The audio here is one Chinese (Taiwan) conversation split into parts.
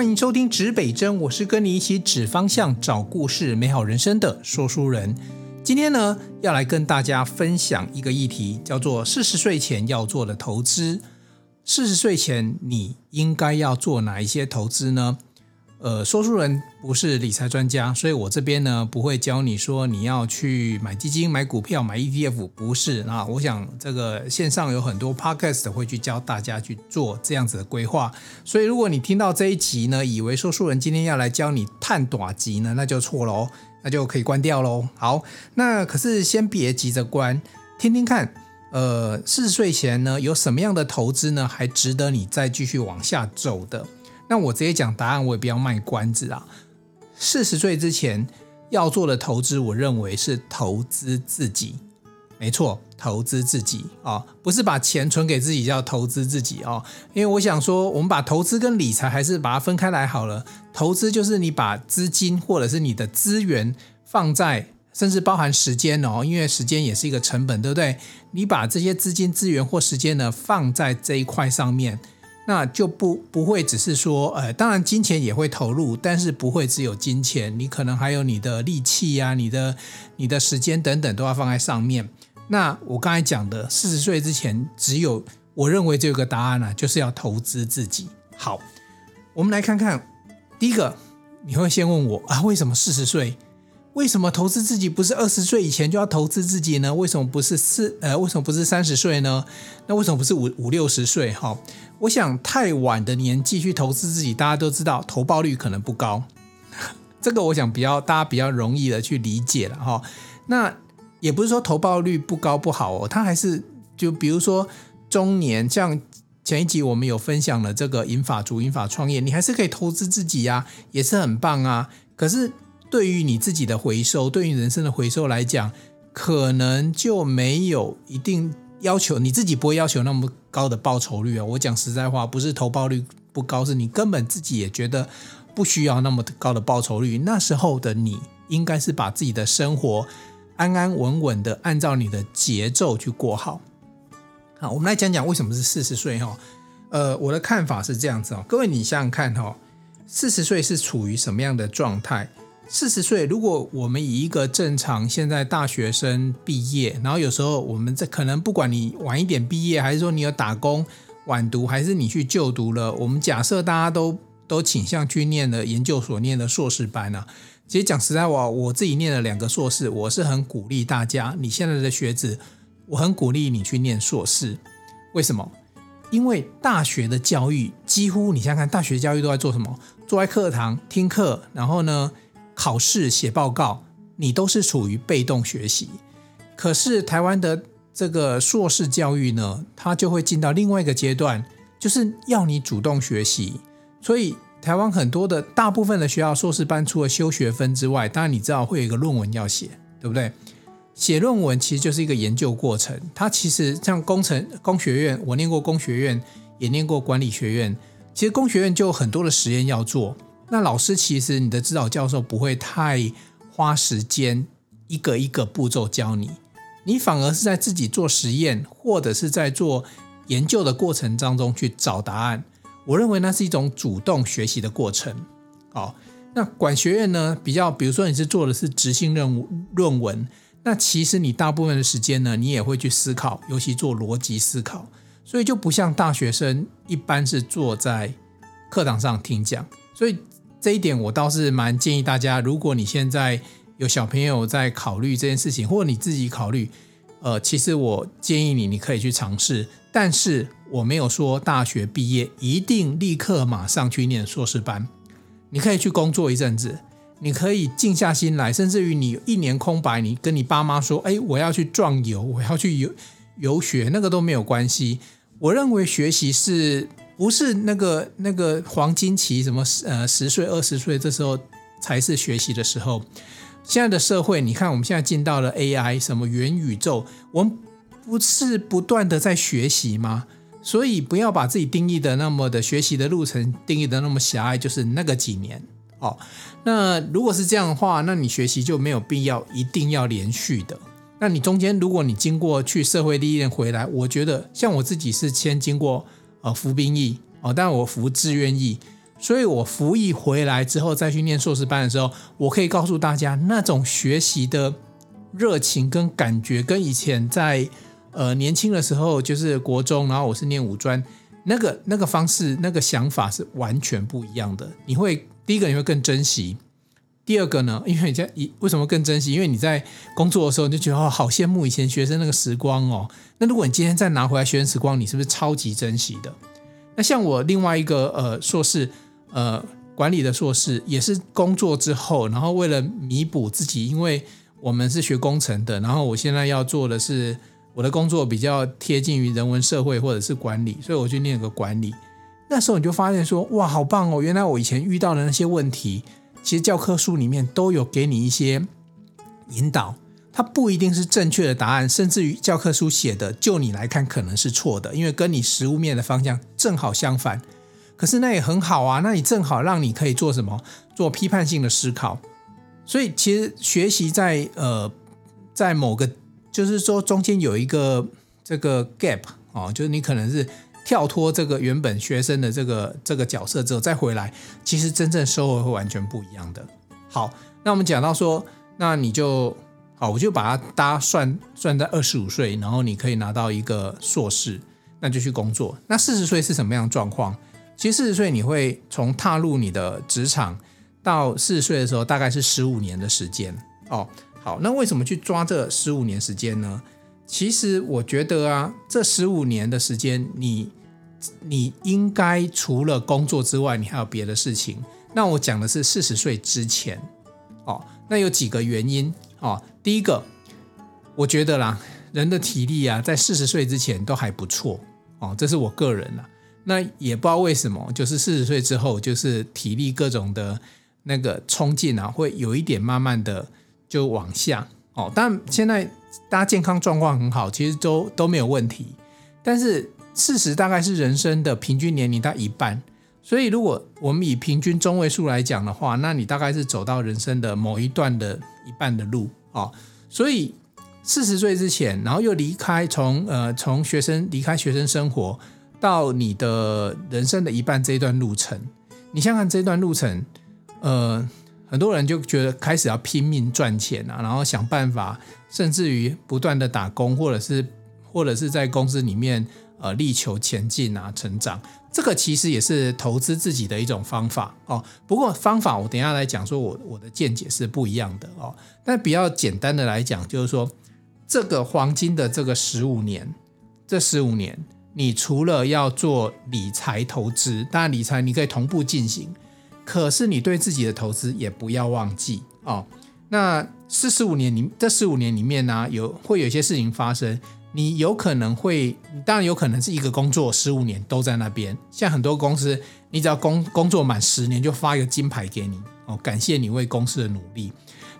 歡迎收聽指北針，我是跟你一起指方向、找故事、美好人生的說書人。今天呢，要來跟大家分享一個議題，叫做四十歲前要做的投資。四十歲前，你應該要做哪一些投資呢？呃，說書仁不是理財專家，所以我這邊呢，不會教你說你要去買基金、買股票、買 ETF，不是。那我想這個線上有很多 podcast 會去教大家去做這樣子的規劃，所以如果你聽到這一集呢，以為說書仁今天要來教你探短集呢，那就錯咯，那就可以關掉嘍。好，那可是先別急着關，聽聽看，呃，四十歲前呢有什麼樣的投資呢，還值得你再繼續往下走的？那我直接講答案，我也不要賣關子啊。四十歲之前要做的投資，我認為是投資自己，沒錯，投資自己啊，哦，不是把錢存給自己叫投資自己哦。因為我想說，我們把投資跟理財還是把它分開來好了。投資就是你把資金或者是你的資源放在，甚至包含時間哦，因為時間也是一個成本，對不對？你把這些資金、資源或時間呢，放在這一塊上面。那就不不會只是說，呃，當然金錢也會投入，但是不會只有金錢，你可能還有你的力氣呀、啊、你的、你的時間等等都要放在上面。那我剛才講的四十歲之前，只有我認為就有個答案啦、啊，就是要投資自己。好，我們來看看第一個，你會先問我啊，為什麼四十歲？為什麼投資自己不是二十歲以前就要投資自己呢？為什麼不是四呃？為什麼不是三十歲呢？那為什麼不是五五六十歲？哈，我想太晚的年紀去投資自己，大家都知道投報率可能不高。這個我想比較大家比較容易的去理解了哈。那也不是說投報率不高不好哦，它還是就比如說中年，像前一集我們有分享了這個銀髮族銀髮創業，你還是可以投資自己呀、啊，也是很棒啊。可是。對於你自己的回收，對於人生的回收來講，可能就沒有一定要求，你自己不會要求那麼高的報酬率啊。我講實在話，不是投報率不高，是你根本自己也覺得不需要那麼高的報酬率。那時候的你，應該是把自己的生活安安穩穩的，按照你的節奏去過好。好，我們來講講為什麼是四十歲哈。呃，我的看法是這樣子哦，各位你想想看哈，四十歲是處於什麼樣的狀態？四十歲，如果我們以一個正常現在大學生畢業，然後有時候我們在可能不管你晚一點畢業，還是說你有打工晚讀，還是你去就讀了，我們假設大家都都傾向去念了研究所，念的碩士班了啊。其實講實在話我，我自己念了兩個碩士，我是很鼓勵大家，你現在的學子，我很鼓勵你去念碩士。為什麼？因為大學的教育幾乎你想想看大學教育都在做什麼，坐在課堂聽課，然後呢？考試寫報告，你都是處於被動學習。可是台灣的這個碩士教育呢，它就會進到另外一個階段，就是要你主動學習。所以台灣很多的大部分的學校碩士班除了修學分之外，當然你知道會有一個論文要寫，對不對？寫論文其實就是一個研究過程。它其實像工程、工學院，我念過工學院，也念過管理學院。其實工學院就有很多的實驗要做。那老師其實你的指導教授，不會太花時間一個一個步驟教你，你反而是在自己做實驗或者是在做研究的過程當中去找答案。我認為那是一種主動學習的過程。好，那管學院呢比較，比如說你是做的是執行任務論文，那其實你大部分的時間呢，你也會去思考，尤其做邏輯思考，所以就不像大學生一般是坐在課堂上聽講，所以。這一點我倒是蠻建議大家，如果你現在有小朋友在考慮這件事情，或者你自己考慮，呃，其實我建議你，你可以去嘗試。但是我沒有說大學畢業一定立刻馬上去念碩士班，你可以去工作一陣子，你可以靜下心來，甚至於你一年空白，你跟你爸媽說：“哎，我要去壯遊，我要去遊遊學”，那個都沒有關係。我認為學習是。不是那個那個黃金期，什麼呃十歲二十歲這時候才是學習的時候。現在的社會，你看我們現在進到了 AI，什麼元宇宙，我們不是不斷的在學習嗎？所以不要把自己定義的那麼的學習的路程定義的那麼狹隘，就是那個幾年哦。那如果是這樣的話，那你學習就沒有必要一定要連續的。那你中間如果你經過去社會歷練回來，我覺得像我自己是先經過。呃、哦，服兵役，哦，但我服志願役，所以我服役回來之後再去念碩士班的時候，我可以告訴大家，那種學習的熱情跟感覺，跟以前在呃年輕的時候，就是國中，然後我是念五專，那個那個方式，那個想法是完全不一樣的。你會，第一個你會更珍惜。第二個呢，因為你在為什麼更珍惜？因為你在工作的時候，你就覺得，哦，好羨慕以前學生那個時光哦。那如果你今天再拿回來學生時光，你是不是超級珍惜的？那像我另外一個呃碩士，呃管理的碩士，也是工作之後，然後為了彌補自己，因為我們是學工程的，然後我現在要做的是我的工作比較貼近於人文社會或者是管理，所以我就念了個管理。那時候你就發現說哇，好棒哦，原來我以前遇到的那些問題。其實教科書裡面都有給你一些引導，它不一定是正確的答案，甚至於教科書寫的就你來看可能是錯的，因為跟你實務面的方向正好相反。可是那也很好啊，那也正好讓你可以做什麼，做批判性的思考。所以其實學習在呃在某個就是說中間有一個這個 gap 哦，就是你可能是。跳脫這個原本學生的這個這個角色之後，再回來，其實真正收穫會完全不一樣的。好，那我們講到說，那你就，好，我就把它搭算算在二十五歲，然後你可以拿到一個碩士，那就去工作。那四十歲是什麼樣的狀況？其實四十歲你會從踏入你的職場到四十歲的時候，大概是十五年的時間哦。好，那為什麼去抓這十五年時間呢？其實我覺得啊，這十五年的時間，你你應該除了工作之外，你還有別的事情。那我講的是四十歲之前，哦，那有幾個原因哦。第一個，我覺得啦，人的體力啊，在四十歲之前都還不錯哦，這是我個人啦、啊。那也不知道為什麼，就是四十歲之後，就是體力各種的那個衝勁啊，會有一點慢慢的就往下。哦，但現在大家健康狀況很好，其實都都沒有問題。但是四十大概是人生的平均年齡到一半，所以如果我們以平均中位數來講的話，那你大概是走到人生的某一段的一半的路啊、哦。所以四十歲之前，然後又離開從呃從學生離開學生生活到你的人生的一半這一段路程，你想想看這段路程，呃。很多人就覺得開始要拼命賺錢啊，然後想辦法，甚至於不斷的打工，或者是或者是在公司裡面呃力求前進啊、成長。這個其實也是投資自己的一種方法哦。不過方法我等一下來講，說我我的見解是不一樣的哦。但比較簡單的來講，就是說這個黃金的這個十五年，這十五年你除了要做理財投資，當然理財你可以同步進行。可是你對自己的投資也不要忘記哦。那四十五年裡，這十五年裡面呢、啊，有會有些事情發生，你有可能會，當然有可能是一個工作十五年都在那邊，像很多公司，你只要工工作滿十年就發一個金牌給你哦，感謝你為公司的努力。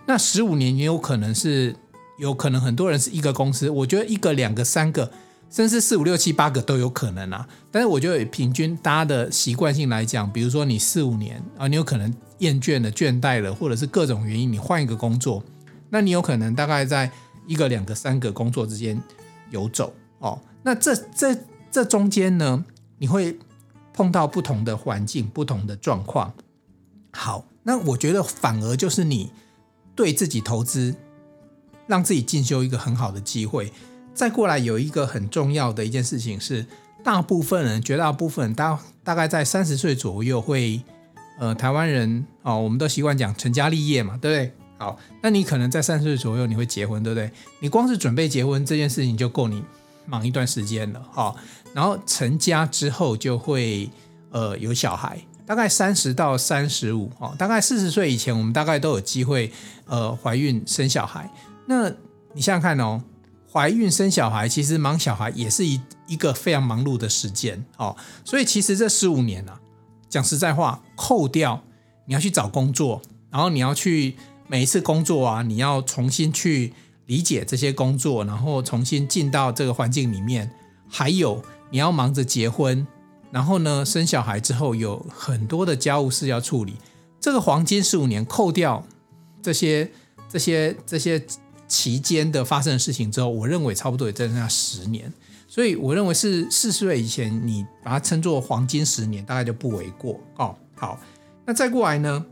那十五年也有可能是，有可能很多人是一個公司，我覺得一個、兩個、三個。甚至四五六七八個都有可能啊，但是我覺得以平均大家的習慣性來講，比如說你四五年啊，你有可能厭倦了、倦怠了，或者是各種原因，你換一個工作，那你有可能大概在一個、兩個、三個工作之間游走哦。那這這這中間呢，你會碰到不同的環境、不同的狀況。好，那我覺得反而就是你對自己投資，讓自己進修一個很好的機會。再過來有一個很重要的一件事情是，大部分人、絕大部分人大大概在三十歲左右會，呃，台灣人哦，我們都習慣講成家立業嘛，對不對？好，那你可能在三十歲左右你會結婚，對不對？你光是準備結婚這件事情就夠你忙一段時間了，哈、哦。然後成家之後就會呃有小孩，大概三十到三十五，哦，大概四十歲以前，我們大概都有機會呃懷孕生小孩。那你想想看哦。懷孕生小孩，其實忙小孩也是一一個非常忙碌的時間，哦，所以其實這十五年啊，講實在話，扣掉你要去找工作，然後你要去每一次工作啊，你要重新去理解這些工作，然後重新進到這個環境裡面，還有你要忙着結婚，然後呢生小孩之後有很多的家務事要處理，這個黃金十五年扣掉這些這些這些。這些期間的發生的事情之後，我認為差不多也在那十年，所以我認為是四十歲以前，你把它稱作黃金十年，大概就不為過。哦，好，那再過來呢？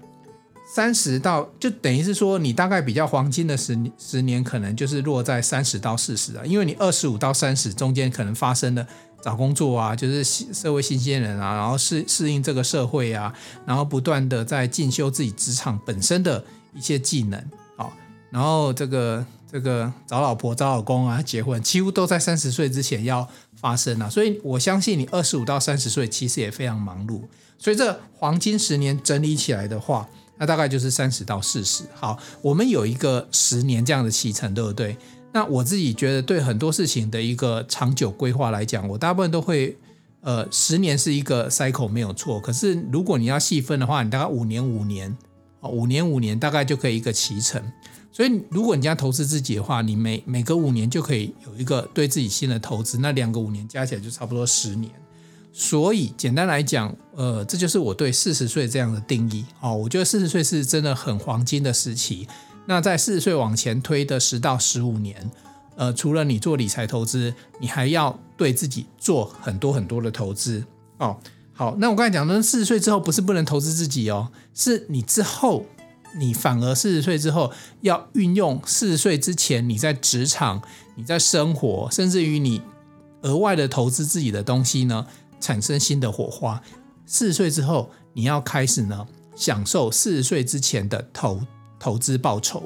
三十到就等於是說，你大概比較黃金的十十年，可能就是落在三十到四十啊，因為你二十五到三十中間可能發生了找工作啊，就是社會新鮮人啊，然後適適應這個社會啊，然後不斷的在進修自己職場本身的一些技能。然後這個這個找老婆、找老公啊，結婚幾乎都在三十歲之前要發生啊，所以我相信你二十五到三十歲其實也非常忙碌。所以這黃金十年整理起來的話，那大概就是三十到四十。好，我們有一個十年這樣的期程，對不對？那我自己覺得，對很多事情的一個長久規劃來講，我大部分都會呃，十年是一個 cycle 沒有錯。可是如果你要細分的話，你大概五年、五年啊，五年、五年大概就可以一個期程。所以，如果你要投資自己的話，你每每隔五年就可以有一個對自己新的投資，那兩個五年加起來就差不多十年。所以，簡單來講，呃，這就是我對四十歲這樣的定義哦。我覺得四十歲是真的很黃金的時期。那在四十歲往前推的十到十五年，呃，除了你做理財投資，你還要對自己做很多很多的投資哦。好，那我剛才講的四十歲之後不是不能投資自己哦，是你之後。你反而四十歲之後要運用四十歲之前你在職場、你在生活，甚至於你額外的投資自己的東西呢，產生新的火花。四十歲之後，你要開始呢，享受四十歲之前的投投資報酬。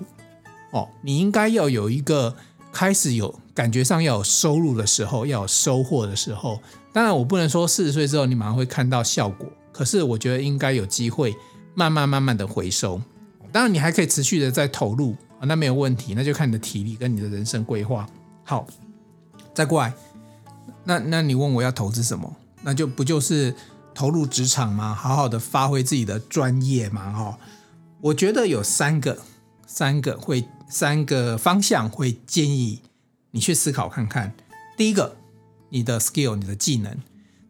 哦，你應該要有一個開始有感覺上要有收入的時候，要有收穫的時候。當然，我不能說四十歲之後你馬上會看到效果，可是我覺得應該有機會慢慢慢慢的回收。當然，你還可以持續的再投入啊，那沒有問題，那就看你的體力跟你的人生規劃。好，再過來，那那你問我要投資什麼？那就不就是投入職場嗎？好好的發揮自己的專業嗎？哈，我覺得有三個，三個會三個方向會建議你去思考看看。第一個，你的 skill，你的技能，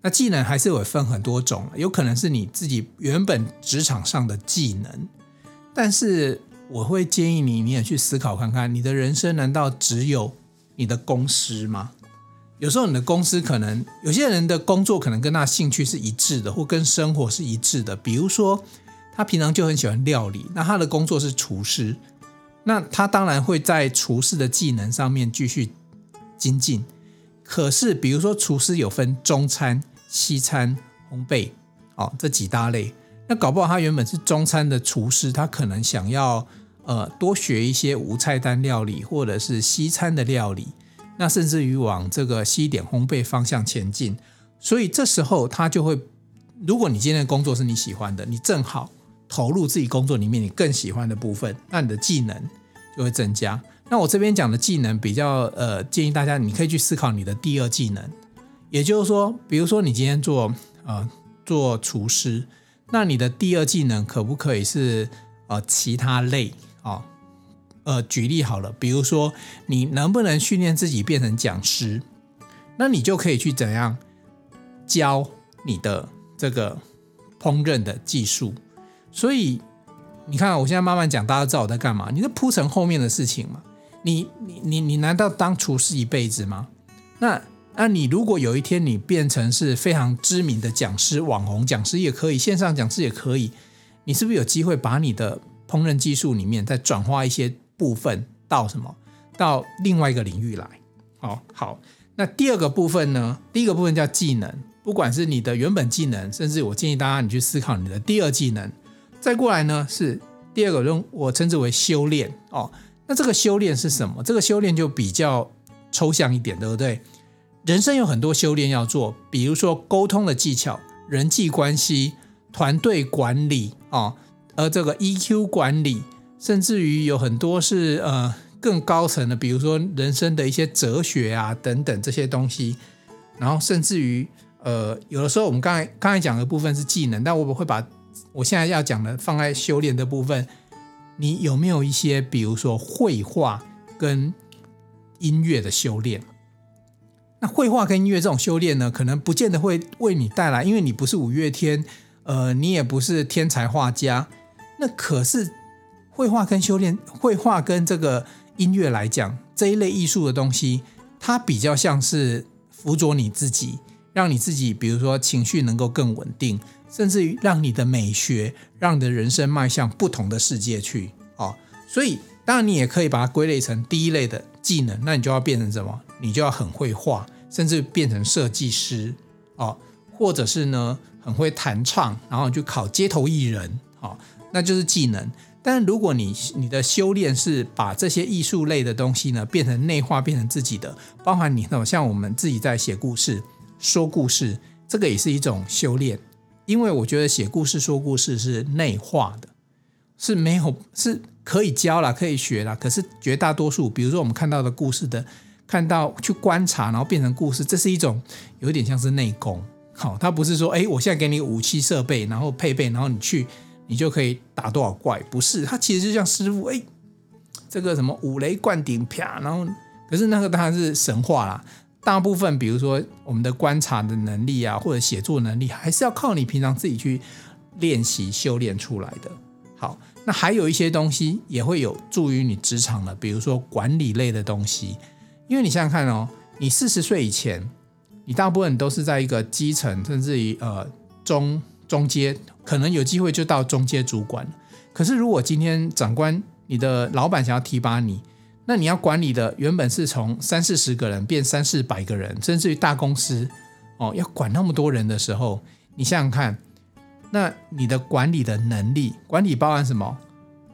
那技能還是會分很多種，有可能是你自己原本職場上的技能。但是我會建議你，你也去思考看看，你的人生難道只有你的公司嗎？有時候你的公司可能，有些人的工作可能跟他興趣是一致的，或跟生活是一致的。比如說，他平常就很喜歡料理，那他的工作是廚師，那他當然會在廚師的技能上面繼續精進。可是，比如說，廚師有分中餐、西餐、烘焙，哦，這幾大類。那搞不好他原本是中餐的廚師，他可能想要呃多學一些無菜單料理，或者是西餐的料理，那甚至於往這個西點烘焙方向前進。所以這時候他就會，如果你今天的工作是你喜歡的，你正好投入自己工作裡面你更喜歡的部分，那你的技能就會增加。那我這邊講的技能比較呃，建議大家你可以去思考你的第二技能，也就是說，比如說你今天做呃做廚師。那你的第二技能可不可以是呃其他類啊？呃，舉例好了，比如說你能不能訓練自己變成講師？那你就可以去怎樣教你的這個烹飪的技術。所以你看，我現在慢慢講，大家知道我在幹嘛？你在鋪陳後面的事情嘛？你你你你難道當廚師一輩子嗎？那？那你如果有一天你變成是非常知名的講師、網紅講師也可以，線上講師也可以，你是不是有機會把你的烹飪技術裡面再轉化一些部分到什麼？到另外一個領域來？哦，好。那第二個部分呢？第一個部分叫技能，不管是你的原本技能，甚至我建議大家你去思考你的第二技能。再過來呢，是第二個，用我稱之為修煉。哦，那這個修煉是什麼？這個修煉就比較抽象一點，對不對？人生有很多修煉要做，比如說，溝通的技巧、人際關係、團隊管理啊，哦，而這個 EQ 管理，甚至於有很多是呃更高層的，比如說人生的一些哲學啊等等這些東西。然後甚至於呃，有的時候我們剛才剛才講的部分是技能，但我們會把我現在要講的放在修煉的部分。你有沒有一些，比如說，繪畫跟音樂的修煉？那繪畫跟音樂這種修煉呢，可能不見得會為你帶來，因為你不是五月天，呃，你也不是天才畫家。那可是繪畫跟修煉，繪畫跟這個音樂來講，這一類藝術的東西，它比較像是輔佐你自己，讓你自己，比如說情緒能夠更穩定，甚至於讓你的美學，讓你的人生邁向不同的世界去。哦，所以當然你也可以把它歸類成第一類的技能，那你就要變成什麼？你就要很會畫。甚至變成設計師哦，或者是呢很會彈唱，然後就考街頭藝人哦，那就是技能。但是如果你你的修煉是把這些藝術類的東西呢變成內化，變成自己的，包含你像我們自己在寫故事、說故事，這個也是一種修煉。因為我覺得寫故事、說故事是內化的，是沒有，是可以教啦，可以學啦。可是絕大多數，比如說我們看到的故事的。看到去觀察，然後變成故事，這是一種有點像是內功。好，他不是說，哎，我現在給你武器設備，然後配備，然後你去，你就可以打多少怪。不是，他其實就像師傅，哎，這個什麼五雷灌頂，啪！然後，可是那個當然是神話啦。大部分，比如說我們的觀察的能力啊，或者寫作能力，還是要靠你平常自己去練習修煉出來的。好，那還有一些東西也會有助於你職場的，比如說管理類的東西。因為你想想看哦，你四十歲以前，你大部分都是在一個基層，甚至於呃中中階，可能有機會就到中階主管了。可是如果今天長官，你的老闆想要提拔你，那你要管理的原本是從三四十個人變三四百個人，甚至於大公司哦、呃，要管那麼多人的時候，你想想看，那你的管理的能力，管理包含什麼？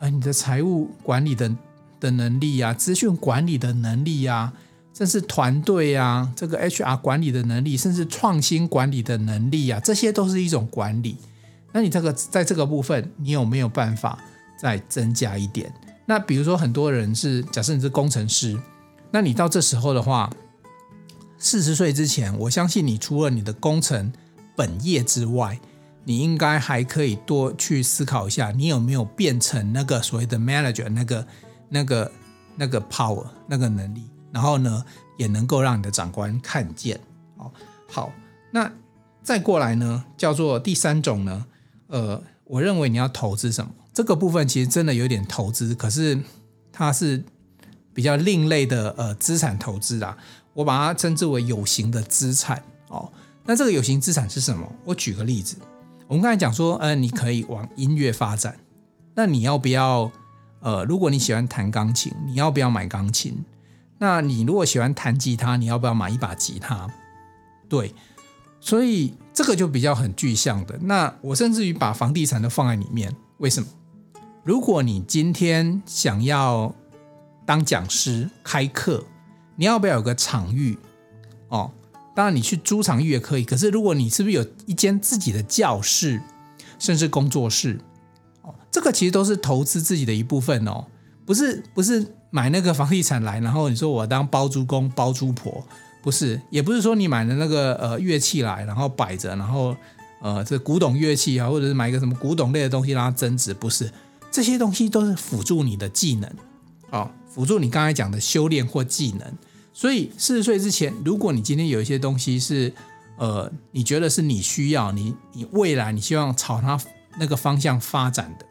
而、呃、你的財務管理的，的能力啊，資訊管理的能力啊，甚至團隊啊，這個 HR 管理的能力，甚至創新管理的能力啊，這些都是一種管理。那你這個在這個部分，你有沒有辦法再增加一點？那比如說，很多人是假設你是工程師，那你到這時候的話，四十歲之前，我相信你除了你的工程本業之外，你應該還可以多去思考一下，你有沒有變成那個所謂的 manager 那個。那個那個 power 那個能力，然後呢，也能夠讓你的長官看見哦。好，那再過來呢，叫做第三種呢，呃，我認為你要投資什麼？這個部分其實真的有點投資，可是它是比較另類的呃資產投資啊。我把它稱之為有形的資產哦。那這個有形資產是什麼？我舉個例子，我們剛才講說，呃，你可以往音樂發展，那你要不要？呃，如果你喜歡彈鋼琴，你要不要買鋼琴？那你如果喜歡彈吉他，你要不要買一把吉他？對，所以這個就比較很具象的。那我甚至於把房地產都放在裡面，為什麼？如果你今天想要當講師開課，你要不要有個場域？哦，當然你去租場域也可以。可是如果你是不是有一間自己的教室，甚至工作室，其實都是投資自己的一部分哦，不是不是買那個房地產來，然後你說我當包租公包租婆，不是，也不是說你買的那個呃樂器來，然後擺着，然後呃這古董樂器啊，或者是買一個什麼古董類的東西讓它增值，不是，這些東西都是輔助你的技能，啊，輔助你剛才講的修煉或技能。所以四十歲之前，如果你今天有一些東西是呃你覺得是你需要，你你未來你希望朝他那個方向發展的。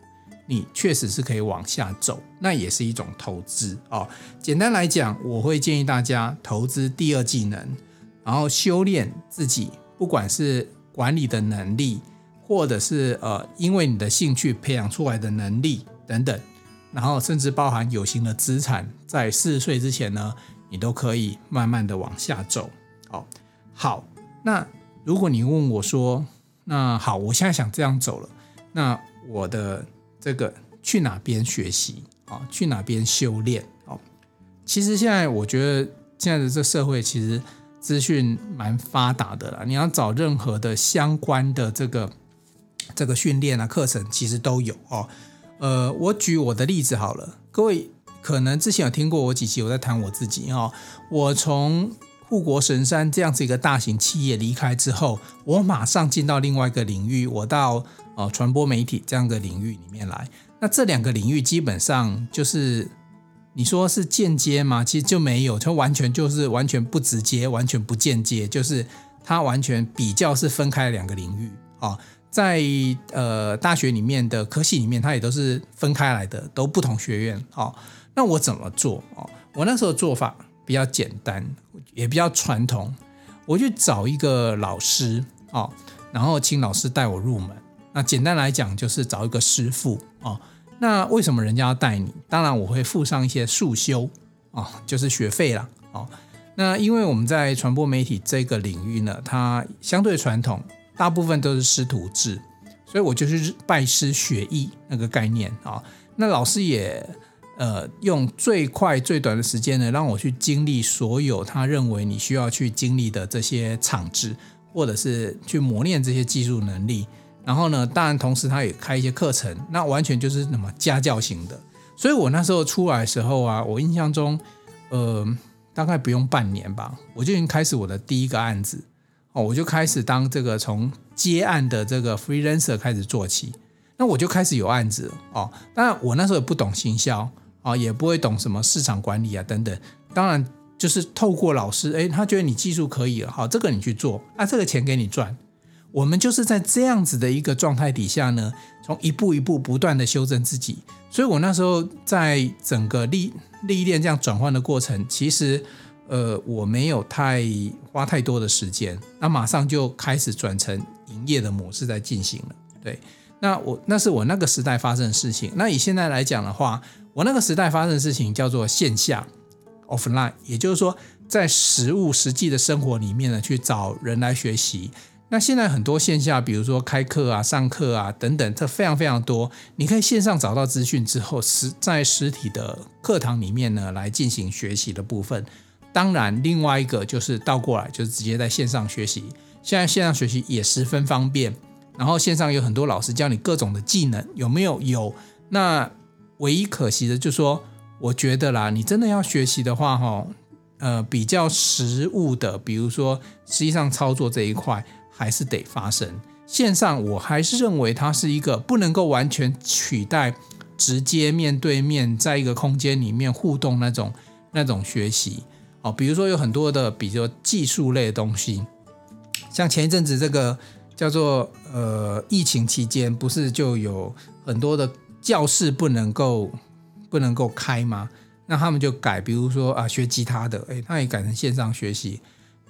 你確實是可以往下走，那也是一種投資哦。簡單來講，我會建議大家投資第二技能，然後修煉自己，不管是管理的能力，或者是呃，因為你的興趣培養出來的能力等等，然後甚至包含有形的資產，在四十歲之前呢，你都可以慢慢的往下走。哦，好，那如果你問我說，那好，我現在想這樣走了，那我的。這個去哪邊學習啊？去哪邊修煉哦、啊？其實現在我覺得現在的這社會其實資訊蠻發達的了。你要找任何的相關的這個這個訓練啊課程，其實都有哦、啊。呃，我舉我的例子好了，各位可能之前有聽過我幾期我在談我自己啊。我從護國神山這樣子一個大型企業離開之後，我馬上進到另外一個領域，我到。哦，傳播媒體這樣的領域裡面來，那這兩個領域基本上就是你說是間接嗎？其實就沒有，就完全就是完全不直接，完全不間接，就是它完全比較是分開兩個領域啊，在呃大學裡面的科系裡面，它也都是分開來的，都不同學院哦，那我怎麼做哦，我那時候做法比較簡單，也比較傳統，我去找一個老師哦，然後請老師帶我入門。那簡單來講就是找一個師傅、哦、那為什麼人家要帶你？當然我會付上一些束脩啊、哦，就是學費啦、哦。那因為我們在傳播媒體這個領域呢，它相對傳統，大部分都是師徒制，所以我就是拜師學藝那個概念啊、哦。那老師也呃用最快最短的時間呢，讓我去經歷所有他認為你需要去經歷的這些場子，或者是去磨練這些技術能力。然後呢，當然，同時他也開一些課程，那完全就是什麼家教型的。所以我那時候出來的時候啊，我印象中，呃，大概不用半年吧，我就已經開始我的第一個案子哦，我就開始當這個從接案的這個 freelancer 開始做起。那我就開始有案子了哦。當然，我那時候也不懂行銷啊，也不會懂什麼市場管理啊等等。當然，就是透過老師，哎，他覺得你技術可以了，好，這個你去做，那，啊，這個錢給你賺。我們就是在這樣子的一個狀態底下呢，從一步一步不斷地修正自己。所以我那時候在整個歷歷練這樣轉換的過程，其實呃我沒有太花太多的時間，那馬上就開始轉成營業的模式在進行了。對，那我那是我那個時代發生的事情。那以現在來講的話，我那個時代發生的事情叫做線下，offline，也就是說在實物實際的生活裡面呢去找人來學習。那現在很多線下，比如說開課啊、上課啊等等，這非常非常多。你可以線上找到資訊之後，實在實體的課堂裡面呢來進行學習的部分。當然，另外一個就是倒過來，就是直接在線上學習。現在線上學習也十分方便，然後線上有很多老師教你各種的技能，有沒有？有。那唯一可惜的就是說，我覺得啦，你真的要學習的話，哈，呃，比較實務的，比如說實際上操作這一塊。還是得發生線上，我還是認為它是一個不能夠完全取代直接面對面在一個空間裡面互動那種那種學習。哦，比如說有很多的，比如說技術類的東西，像前一陣子這個叫做呃疫情期間，不是就有很多的教室不能夠不能夠開嗎？那他們就改，比如說啊學吉他的，誒、哎，他也改成線上學習。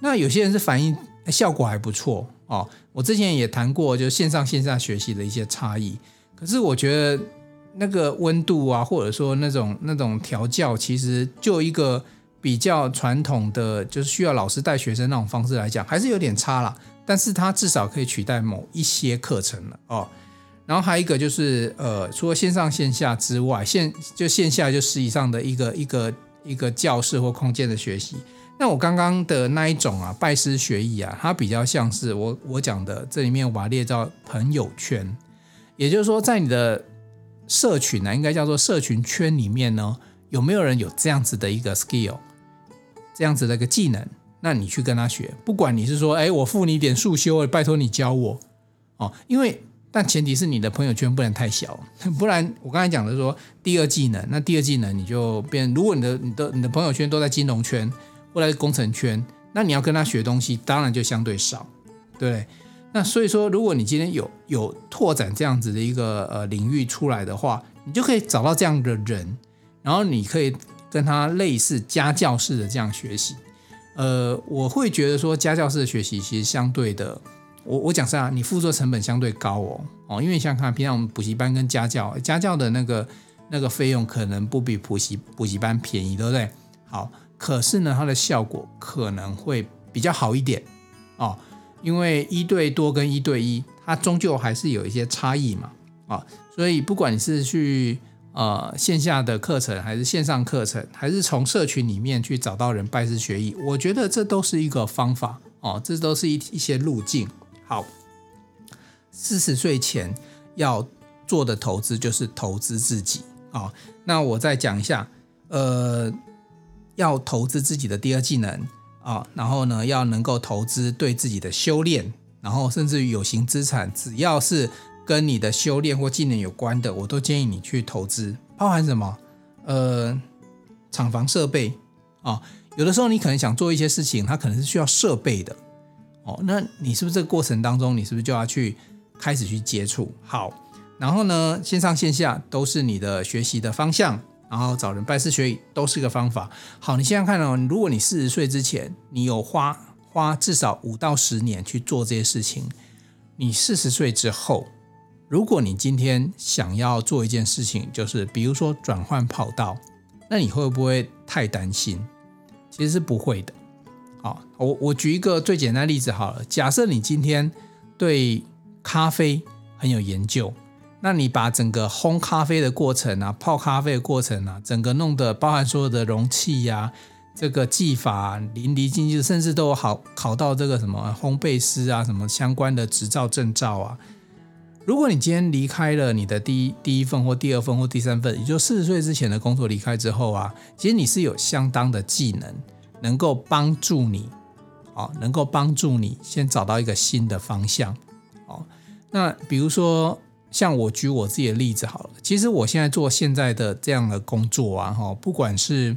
那有些人是反映，效果還不錯哦。我之前也談過，就是線上線下學習的一些差異。可是我覺得那個溫度啊，或者說那種那種調教，其實就一個比較傳統的，就是需要老師帶學生那種方式來講，還是有點差了。但是它至少可以取代某一些課程了哦。然後還有一個就是，呃，除了線上線下之外，線就線下就實際上的一個一個一個教室或空間的學習。那我剛剛的那一種啊，拜師學藝啊，它比較像是我我講的這裡面我列到朋友圈，也就是說，在你的社群呢、啊，應該叫做社群圈裡面呢，有沒有人有這樣子的一個 skill，這樣子的一個技能，那你去跟他學，不管你是說，哎，我付你一點束脩，拜託你教我，哦，因為但前提是你的朋友圈不能太小，不然我剛才講的說第二技能，那第二技能你就變，如果你的你的你的朋友圈都在金融圈。後來工程圈，那你要跟他學東西，當然就相對少，對，對。那所以說，如果你今天有有拓展這樣子的一個呃領域出來的話，你就可以找到這樣的人，然後你可以跟他類似家教式的這樣學習。呃，我會覺得說家教式的學習其實相對的，我我講實話，你付出成本相對高哦哦，因為你想看，平常我們補習班跟家教，家教的那個那個費用可能不比補習補習班便宜，對不對？好。可是呢，它的效果可能會比較好一點哦，因為一對多跟一對一，它終究還是有一些差異嘛啊、哦，所以不管你是去呃線下的課程，還是線上課程，還是從社群裡面去找到人拜師學藝，我覺得這都是一個方法哦，這都是一一些路徑。好，四十歲前要做的投資就是投資自己啊、哦，那我再講一下呃。要投資自己的第二技能啊、哦，然後呢，要能夠投資對自己的修煉，然後甚至於有形資產，只要是跟你的修煉或技能有關的，我都建議你去投資。包含什麼？呃，廠房設備啊、哦，有的時候你可能想做一些事情，它可能是需要設備的哦。那你是不是這個過程當中，你是不是就要去開始去接觸？好，然後呢，線上線下都是你的學習的方向。然後找人拜師學藝，都是一個方法。好，你現在看哦，如果你四十歲之前，你有花花至少五到十年去做這些事情，你四十歲之後，如果你今天想要做一件事情，就是比如說轉換跑道，那你會不會太擔心？其實是不會的。好，我我舉一個最簡單的例子好了，假設你今天對咖啡很有研究。那你把整個烘咖啡的過程啊，泡咖啡的過程啊，整個弄得包含所有的容器呀、啊，這個技法啊，淋漓盡致，甚至都好考到這個什麼烘焙師啊，什麼相關的執照證照啊。如果你今天離開了你的第一第一份或第二份或第三份，也就四十歲之前的工作離開之後啊，其實你是有相當的技能，能夠幫助你，啊，能夠幫助你先找到一個新的方向，哦，那比如說。像我舉我自己的例子好了，其實我現在做現在的這樣的工作啊，哈，不管是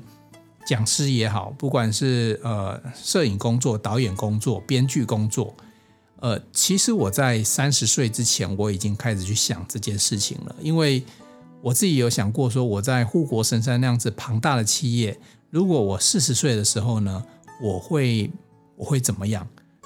講師也好，不管是呃攝影工作、導演工作、編劇工作，呃，其實我在三十歲之前我已經開始去想這件事情了，因為我自己有想過說，我在護國神山那樣子龐大的企業，如果我四十歲的時候呢，我會我會怎麼樣？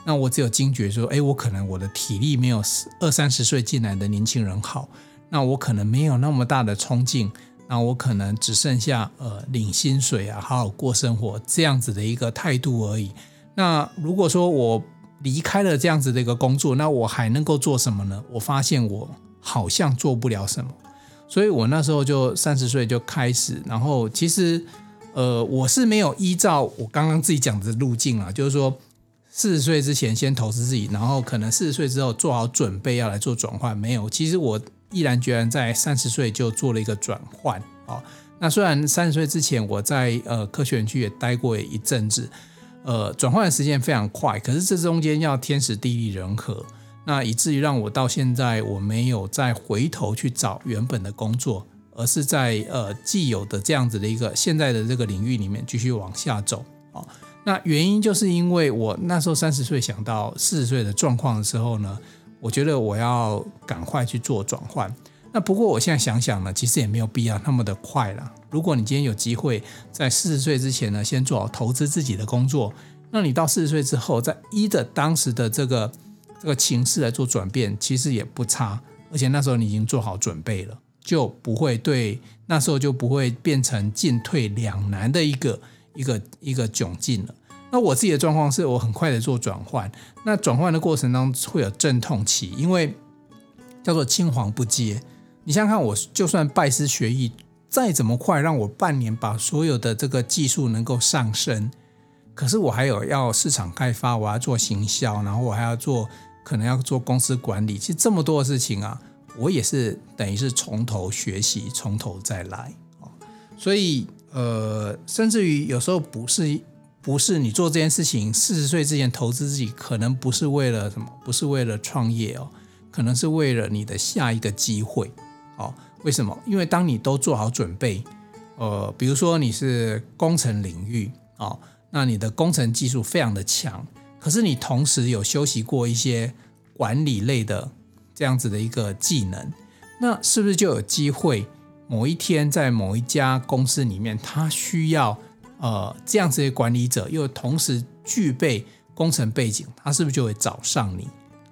那我只有驚覺說，誒，我可能我的體力沒有二三十歲進來的年輕人好，那我可能沒有那麼大的衝勁，那我可能只剩下呃領薪水啊，好好過生活這樣子的一個態度而已。那如果說我離開了這樣子的一個工作，那我還能夠做什麼呢？我發現我好像做不了什麼，所以我那時候就三十歲就開始，然後其實，呃，我是沒有依照我剛剛自己講的路徑啊，就是說。四十歲之前先投資自己，然後可能四十歲之後做好準備要來做轉換。沒有，其實我毅然決然在三十歲就做了一個轉換啊。那雖然三十歲之前我在呃科學園區也待過一陣子，呃，轉換的時間非常快。可是這中間要天時地利人和，那以至於讓我到現在我沒有再回頭去找原本的工作，而是在呃既有的這樣子的一個現在的這個領域裡面繼續往下走啊。好那原因就是因為我那時候三十歲想到四十歲的狀況的時候呢，我覺得我要趕快去做轉換。那不過我現在想想呢，其實也沒有必要那麼的快啦。如果你今天有機會在四十歲之前呢，先做好投資自己的工作，那你到四十歲之後，再依着當時的這個這個情勢來做轉變，其實也不差。而且那時候你已經做好準備了，就不會對那時候就不會變成進退兩難的一個。一個一個窘境了。那我自己的狀況是我很快的做轉換，那轉換的過程當中會有陣痛期，因為叫做青黃不接。你想想看，我就算拜師學藝，再怎麼快，讓我半年把所有的這個技術能夠上升，可是我還有要市場開發，我要做行銷，然後我還要做可能要做公司管理，其實這麼多的事情啊，我也是等於是從頭學習，從頭再來，所以。呃，甚至於有時候不是不是你做這件事情，四十歲之前投資自己，可能不是為了什麼，不是為了創業哦，可能是為了你的下一個機會哦。為什麼？因為當你都做好準備，呃，比如說你是工程領域哦，那你的工程技術非常的強，可是你同時有修習過一些管理類的這樣子的一個技能，那是不是就有機會？某一天，在某一家公司裡面，他需要呃這樣子的管理者，又同時具備工程背景，他是不是就會找上你？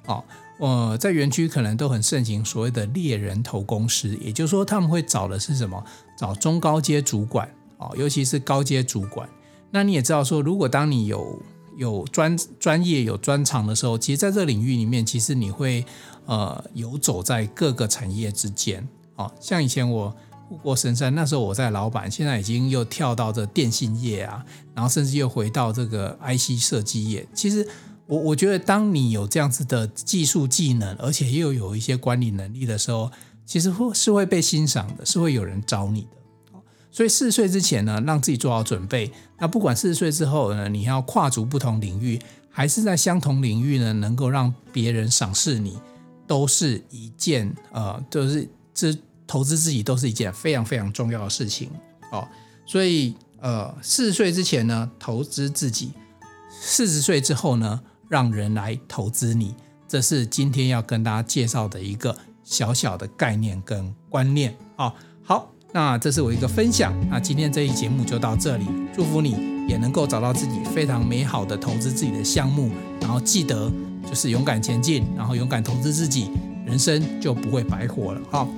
哦，呃，在園區可能都很盛行所謂的獵人頭公司，也就是說他們會找的是什麼？找中高階主管啊、哦，尤其是高階主管。那你也知道說，如果當你有有專專業、有專長的時候，其實在這個領域裡面，其實你會呃游走在各個產業之間。哦，像以前我過過深山，那時候我在老闆，現在已經又跳到這電信業啊，然後甚至又回到這個 IC 設計業。其實我我覺得，當你有這樣子的技術技能，而且又有一些管理能力的時候，其實是會被欣賞的，是會有人找你的。所以四十歲之前呢，讓自己做好準備。那不管四十歲之後呢，你要跨足不同領域，還是在相同領域呢，能夠讓別人賞識你，都是一件呃，就是。這投資自己都是一件非常非常重要的事情哦，所以呃，四十歲之前呢，投資自己；四十歲之後呢，讓人來投資你。這是今天要跟大家介紹的一個小小的概念跟觀念哦。好，那這是我一個分享。那今天這一節目就到這裡，祝福你也能夠找到自己非常美好的投資自己的項目。然後記得就是勇敢前進，然後勇敢投資自己，人生就不會白活了哈。哦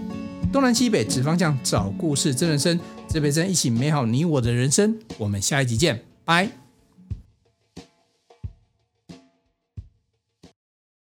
東南西北指方向，找故事真人生。這輩子一起美好你我的人生。我們下一集見，拜。